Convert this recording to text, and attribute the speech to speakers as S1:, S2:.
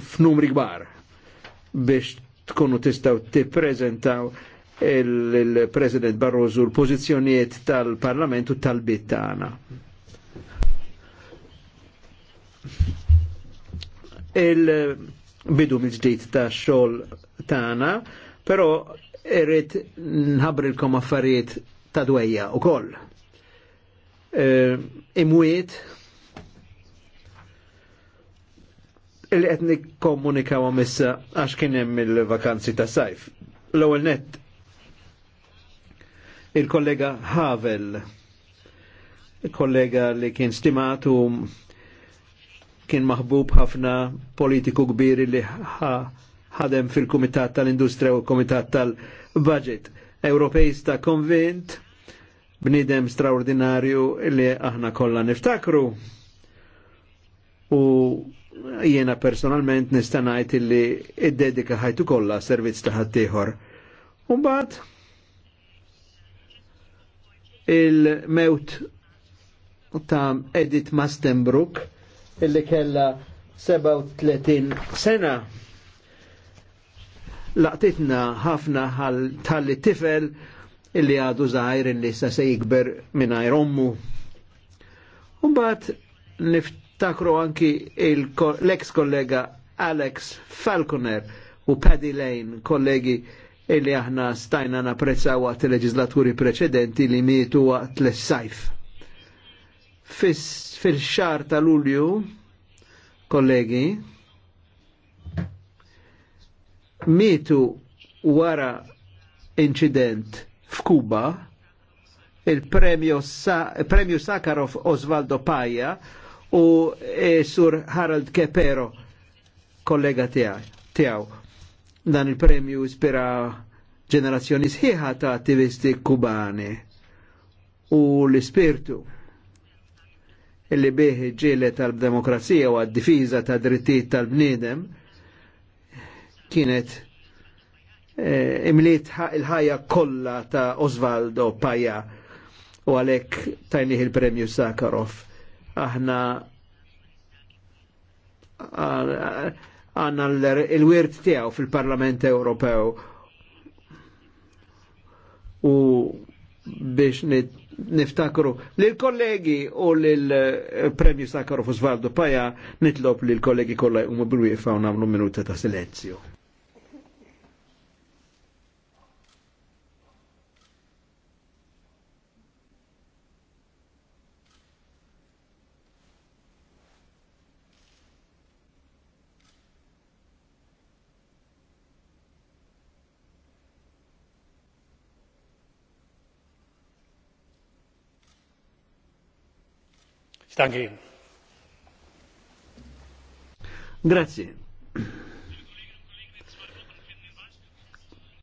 S1: f'numri kbar biex tkunu tistaw tippreżentaw il-President Barroso l pozizjoniet tal-Parlamentu tal-bit tagħna. Il-bidu mill-ġdid ta' xogħol tagħna, però irrid nħabrilkom affarijiet ta' dwejja ukoll. Eh, imwiet Il qed nikkomunikaw issa għax kien hemm il-vakanzi ta' sajf. L-ewwel net il-kollega Havel, kollega li kien stimatu kien maħbub ħafna politiku kbiri li ħadem fil-Kumitat tal-Industrija u Kumitat tal-Budget. Ewropejista konvint, bnidem straordinarju li aħna kollha niftakru u jiena personalment nista' ngħid illi id-dedika ħajtu kollha servizz ta' ħaddieħor. Umbagħad il-mewt ta' Edith Mastenbrook illi kella 37 sena laqtitna ħafna tal tifel illi għadu zaħir illi sa se jikber minn ajrommu. Umbat nift niftakru anki l-ex kollega Alex Falconer u Paddy Lane, kollegi illi aħna stajna naprezza waqt il leġizlaturi preċedenti li mietu waqt l-sajf. Fil-xar tal Lulju, kollegi, mietu wara incident f'Kuba il-premju Sa Sakharov Osvaldo Paja u e sur Harald Kepero, kollega tiegħu. Dan il-premju ispira ġenerazzjoni sħiħa ta' attivisti kubani u l-ispirtu illi bieħi ġiele tal-demokrazija u għad-difiża ta' drittijiet tal-bniedem kienet eh, imliet il-ħajja kollha ta' Osvaldo Paja u għalhekk tajnih il-premju Sakharov aħna għanna l wirt tiegħu fil-Parlament Ewropew u biex niftakru l kollegi u l eh, premju Sakharov Osvaldo Paja nitlob l kollegi kollha u bil-wieqfa u nagħmlu minuta ta' silenzju. Grazie.